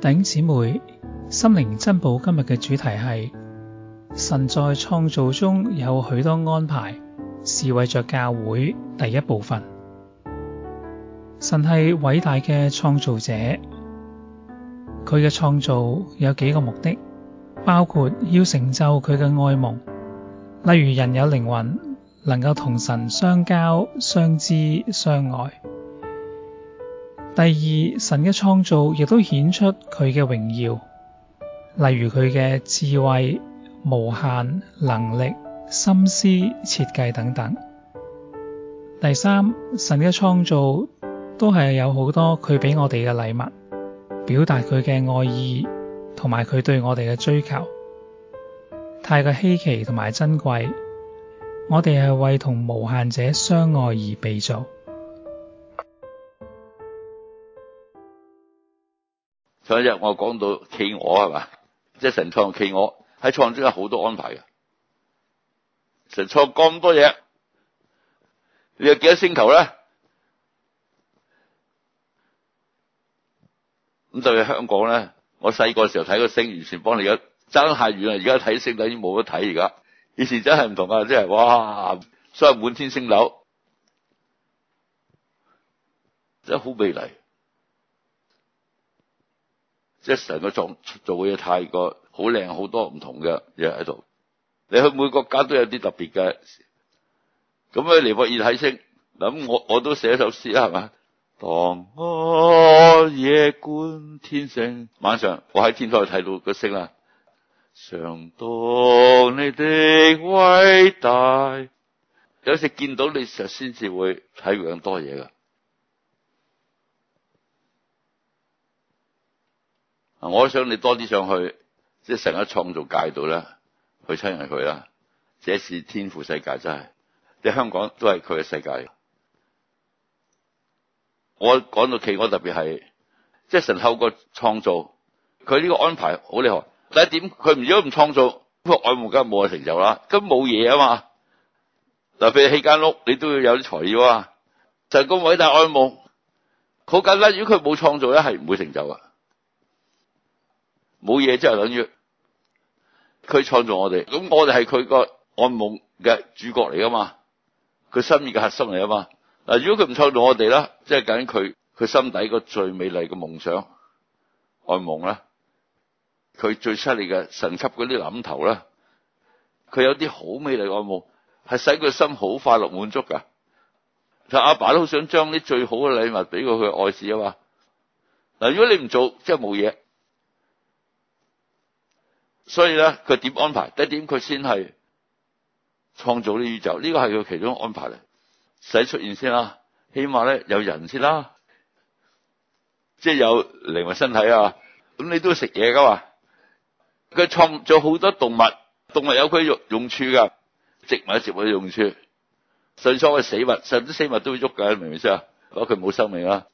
弟兄姊妹，心靈珍寶今日嘅主題係神在創造中有許多安排，是為着教會。第一部分，神係偉大嘅創造者，佢嘅創造有幾個目的，包括要成就佢嘅愛慕，例如人有靈魂，能夠同神相交、相知、相愛。第二，神嘅創造亦都顯出佢嘅榮耀，例如佢嘅智慧、無限能力、心思設計等等。第三，神嘅創造都係有好多佢畀我哋嘅禮物，表達佢嘅愛意同埋佢對我哋嘅追求，太過稀奇同埋珍貴。我哋係為同無限者相愛而被造。上日我講到企鵝係嘛？即係神創企鵝，喺創造中有好多安排嘅。神創咁多嘢，你有幾多星球咧？咁就去香港咧。我細個時候睇個星完全幫你而家爭太遠啦，而家睇星已經冇得睇而家。以前真係唔同啊，即係哇，所以滿天星斗真係好美麗。即係成個做做嘅嘢，泰國好靚，好多唔同嘅嘢喺度。你去每個國家都有啲特別嘅。咁咧，尼泊爾睇星，嗱，我我都寫一首詩啦，係嘛？當夜觀天星，晚上我喺天台睇到個星啦。常當你哋偉大，有時見到你時，先至會睇咁多嘢噶。我想你多啲上去，即係成日喺創造界度啦，去親近佢啦。這是天父世界真係，即係香港都係佢嘅世界。我講到企鵝特別係，即係神透過創造，佢呢個安排好厲害。第一點，佢唔如果唔創造，愛慕梗係冇嘅成就啦，咁冇嘢啊嘛。特別起間屋，你都要有啲材料啊。就係個偉大愛慕，好簡單。如果佢冇創造咧，係唔會成就噶。冇嘢，即係、就是、等於佢創造我哋，咁我哋係佢個愛夢嘅主角嚟噶嘛？佢心意嘅核心嚟啊嘛。嗱，如果佢唔創造我哋啦，即係緊佢佢心底個最美麗嘅夢想愛夢啦，佢最犀利嘅神級嗰啲諗頭啦，佢有啲好美麗嘅愛夢，係使佢心好快樂滿足噶。就阿爸都好想將啲最好嘅禮物俾佢去愛子啊嘛。嗱，如果你唔做，即係冇嘢。所以咧，佢點安排？第一點，佢先係創造啲宇宙，呢個係佢其中安排嚟，使出現先啦。起碼咧，有人先啦，即係有靈魂、身體啊。咁你都食嘢噶嘛？佢創造好多動物，動物有佢用用處噶，植物、植物用處，純粹係死物，甚至死物都會喐噶，你明唔明先啊？攞佢冇生命啦，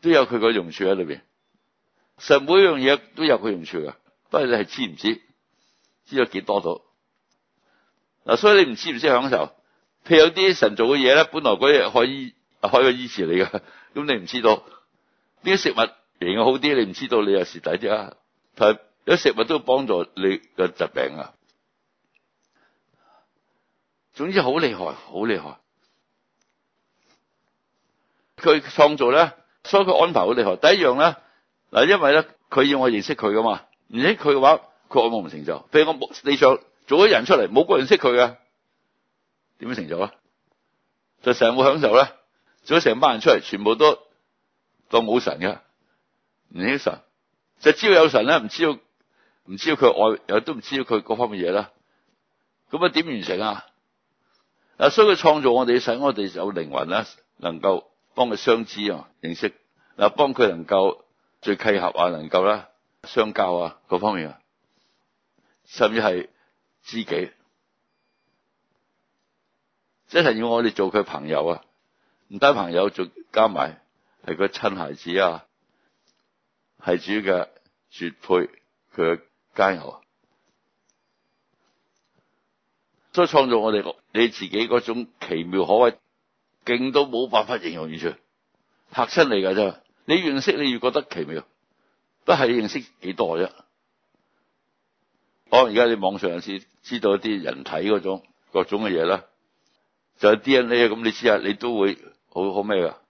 有都有佢個用處喺裏邊。其實每樣嘢都有佢用處噶。是是知不過你係知唔知？知咗幾多度？嗱、啊？所以你唔知唔識享受。譬如有啲神做嘅嘢咧，本來嗰嘢可以開個醫治的那你嘅，咁你唔知道呢啲食物營養好啲，你唔知道你又蝕底啲啊！係有啲食物都幫助你嘅疾病啊。總之好厲害，好厲害。佢創造咧，所以佢安排好厲害。第一樣咧，嗱、啊，因為咧，佢要我認識佢噶嘛。唔識佢嘅話，佢愛慕唔成就。譬如我喺地上做咗人出嚟，冇個人認識佢嘅，點樣成就啊？就成個冇享受呢，做咗成班人出嚟，全部都當冇神嘅，唔識神，就知道有神咧，唔知道唔知道佢愛，又都唔知道佢各方面嘢啦。咁啊，點完成啊？嗱，所以佢創造我哋使我哋有靈魂呢，能夠幫佢相知啊，認識嗱，幫佢能夠最契合啊，能夠啦。相交啊，各方面啊，甚至係知己，即係要我哋做佢朋友啊，唔單是朋友，仲加埋係佢親孩子啊，係主嘅絕配，佢嘅佳友啊，所以創造我哋個你自己嗰種奇妙可畏勁到冇辦法形容完，出吓親嚟噶咋，你越認識你越覺得奇妙。都係認識幾多啫？哦，而家你網上有時知道一啲人體嗰種各種嘅嘢啦，就係、DNA 咁，你知啊？你都會好好咩噶？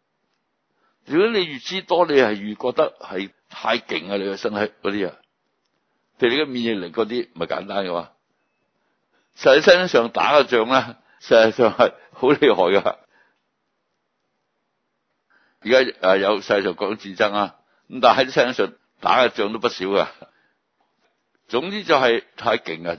如果你越知多，你係越覺得係太勁啊！你嘅身體嗰啲啊，譬如你嘅免疫力嗰啲咪簡單嘅話，實喺身上打嘅仗咧，實際上係好厲害噶。而家誒有世上各種戰爭啊，咁但喺身上，打嘅仗都不少㗎。總之就係太勁啊！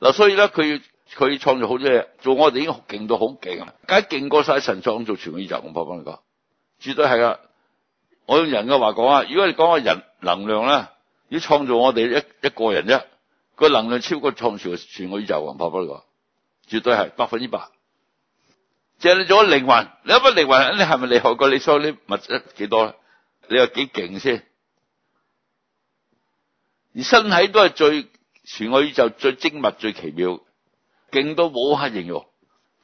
嗱，所以咧，佢佢創造好多嘢，做我哋已經勁到好勁啊！梗係勁過晒神創造全個宇宙。黃伯芬話：，絕對係啊！我用人嘅話講啊，如果你講個人能量咧，要創造我哋一一個人啫，個能量超過創造全個宇宙啊！黃伯芬話：，絕對係，百分之百。借咗做靈魂，你有乜靈魂，你係咪嚟學過你所？你有啲物質幾多？你又幾勁先？而身體都係最全個宇宙最精密、最奇妙，勁到冇黑影。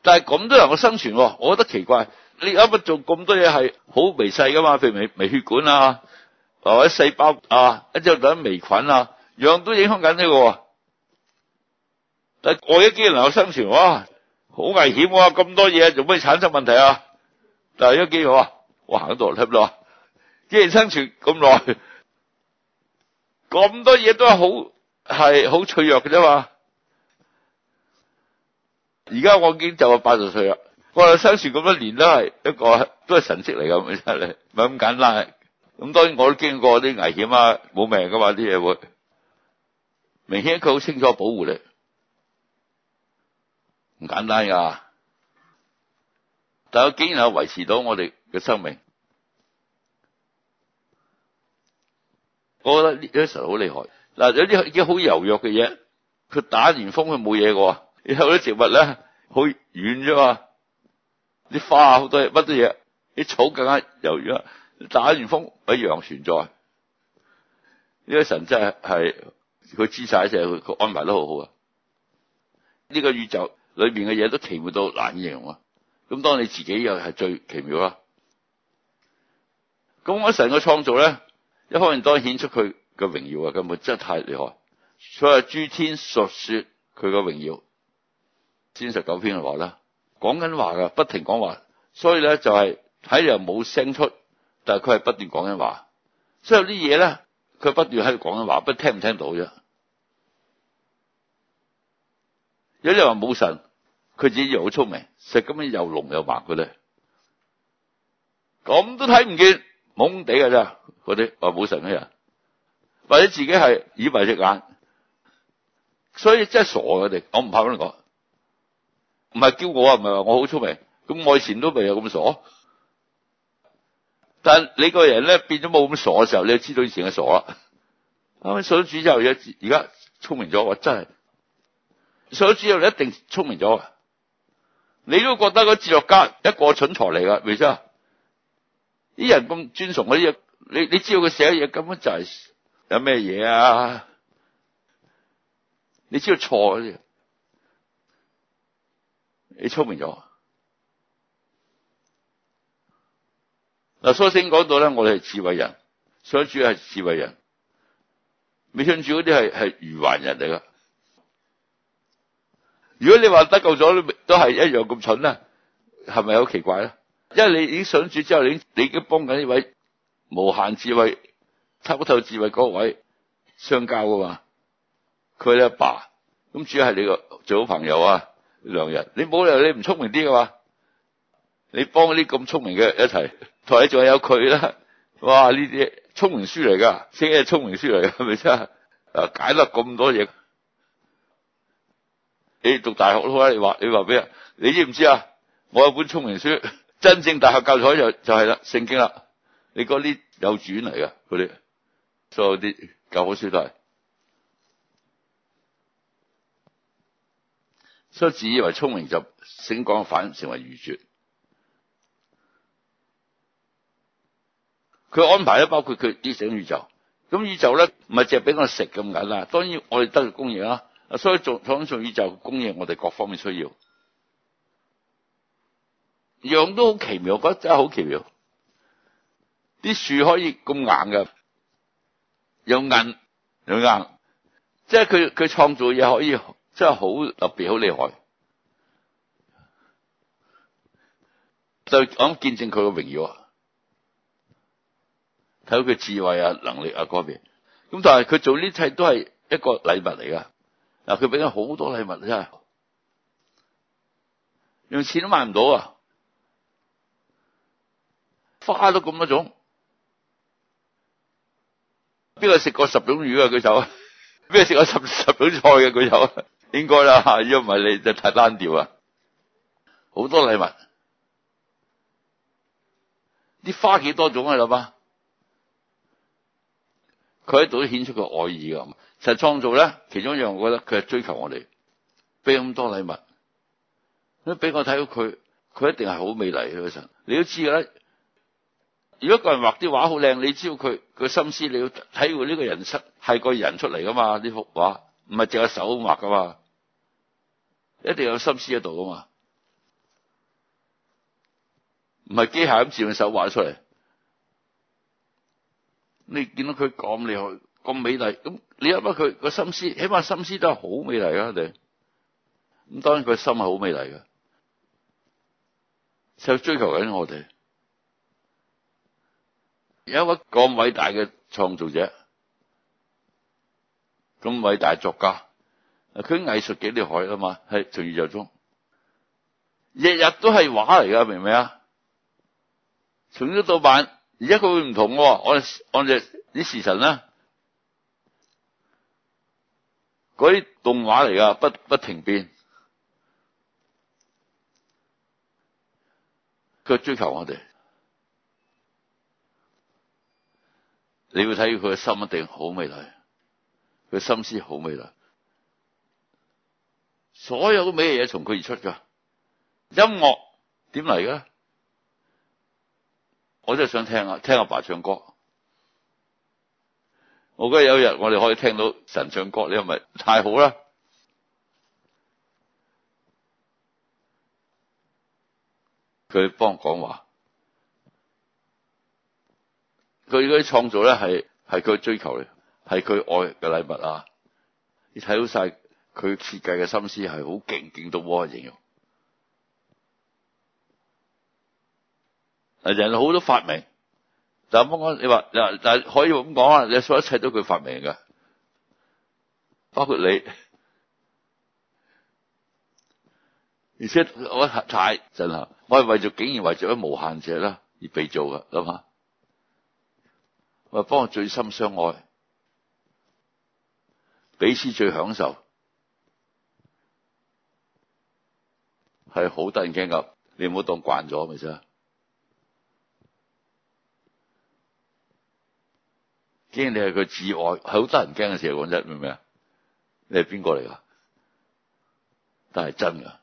但係咁多人個生存，哦，我覺得奇怪。你啱啱做咁多嘢係好微細噶嘛？譬如微微血管啊，或者細胞啊，一隻等微菌啊，樣、啊、都影響緊呢個。但係我一幾人有生存，喎。好危險、啊，咁多嘢做咩產生問題啊？但係一好我、啊，我行咗度咁耐，既然生存咁耐，咁多嘢都係好係好脆弱嘅啫嘛。而家已經就係八十歲，我生存咁多年都係一個都係神跡嚟噶，唔係咁簡單。咁當然我都經過啲危險啊，冇命噶嘛啲嘢會。明顯佢好清楚保護你。唔簡單噶，但佢竟然係維持到我哋嘅生命，我覺得呢啲神好厲害嗱。有啲已經好柔弱嘅嘢，佢打完風佢冇嘢嘅喎。然後啲植物咧好軟啫嘛，啲花好多乜都嘢，啲草更加柔弱，打完風一樣存在。呢啲神真係佢知曬一切，佢佢安排得好好啊！呢個宇宙。裏邊嘅嘢都奇妙到難以形容啊！咁當你自己又係最奇妙啦。咁我成個創造咧，一可能然顯出佢嘅榮耀啊！咁本真係太厲害。所以諸天述說佢嘅榮耀，《詩十九篇話呢》講話啦，講緊話噶，不停講話。所以咧就係喺度冇聲出，但係佢係不斷講緊話。所以有啲嘢咧，佢不斷喺度講緊話，不聽唔聽到啫。有人話冇神。佢自己又好聰明，食咁樣又濃又白嘅咧，咁都睇唔見，懵地㗎。咋？嗰啲話冇神啊，或者自己係以為隻眼，所以真係傻佢。我哋我唔怕咁你講，唔係叫我啊，唔係話我好聰明。咁我以前都未有咁傻，但你個人咧變咗冇咁傻嘅時候，你就知道以前係傻啦。啱啱信咗主之後，而家聰明咗，我真係信咗主之後，你一定聰明咗。你都覺得個哲學家一個蠢材嚟噶，美生啲人咁尊崇佢啲嘢，你你知道佢寫嘅嘢根本就係有咩嘢啊？你知道錯嘅，你聰明咗嗱。蘇星講到咧，我哋係智慧人，想住係智慧人，未想住嗰啲係係愚頑人嚟噶。如果你話得救咗都係一樣咁蠢啊，係咪好奇怪啊？因為你已經上住之後，你已經幫緊呢位無限智慧、測不透智慧嗰位相交噶嘛？佢係阿爸，咁主要係你個最好朋友啊，良人。你冇理由你唔聰明啲嘅嘛？你幫啲咁聰明嘅一齊，同你仲有佢啦。哇！呢啲聰明書嚟噶，寫嘅聰明書嚟，係咪真係啊？解得咁多嘢。你讀大學都好啦，你話你話俾人，你知唔知啊？我有本聰明書，真正大學教材，就就係啦，聖經啦，你嗰啲幼稚園嚟㗎，佢啲，所有啲教科書都係。所以自以為聰明就醒講反，成為愚拙。佢安排咧，包括佢啲醒宇宙。咁宇宙咧，唔係淨係俾我食咁緊啦。當然我哋得着公義啦。啊！所以做創造宇宙供應，我哋各方面需要樣都好奇妙，我覺得真係好奇妙。啲樹可以咁硬嘅，又硬又硬，即係佢佢創造嘢可以真係好特別，好厲害。就我想見證佢嘅榮耀，睇到佢智慧啊、能力啊嗰邊。咁但係佢做呢切都係一個禮物嚟噶。嗱，佢俾咗好多禮物真係，用錢都買唔到啊！花都咁多種，邊個食過十種魚啊？舉手啊，邊個食過十十種菜嘅舉手啊？應該啦，因為你就太單調啊！好多禮物，啲花幾多種啊，老媽？佢喺度都顯出個愛意噶，實、就是、創造咧，其中一樣，我覺得佢係追求我哋，俾咁多禮物，都俾我睇到佢，佢一定係好美麗嘅神。你都知㗎啦，如果個人畫啲畫好靚，你知道佢佢心思，你要體會呢個人出係個人出嚟噶嘛？呢幅畫唔係淨係手畫噶嘛，一定有心思喺度噶嘛，唔係機械咁自動手畫出嚟。你見到佢咁厲害、咁美麗，咁你入得佢個心思，起碼心思都係好美麗噶。你咁當然佢心係好美麗嘅，就追求緊我哋有一個咁偉大嘅創造者，咁偉大作家，佢藝術幾厲害啊嘛？係從宇宙中，日日都係畫嚟噶，明唔明啊？從朝到晚。而家佢會唔同我哋，按照啲時辰咧，嗰啲動畫嚟噶，不不停變，佢追求我哋。你要睇佢嘅心一定好美麗，佢心思好美麗，所有嘅美嘢從佢而出噶。音樂點嚟噶？我真係想聽啊，聽阿爸，爸唱歌。我覺得有一日我哋可以聽到神唱歌，你係咪太好啦？佢幫我講話，佢嗰啲創造咧係係佢追求嚟，係佢愛嘅禮物啊！你睇到晒佢設計嘅心思係好勁勁到窩形容。人好多發明，但係唔講。你話，但係可以咁講啊！你話一切都佢發明㗎，包括你。而且我太震撼，我係為咗竟然為咗無限者啦而被做㗎。諗下，幫我幫最深相愛，彼此最享受，係好得人驚噶。你唔好當慣咗咪先。驚，你係佢至愛，係好得人驚嘅時候，講真明唔明啊？你係邊個嚟噶？但係真噶。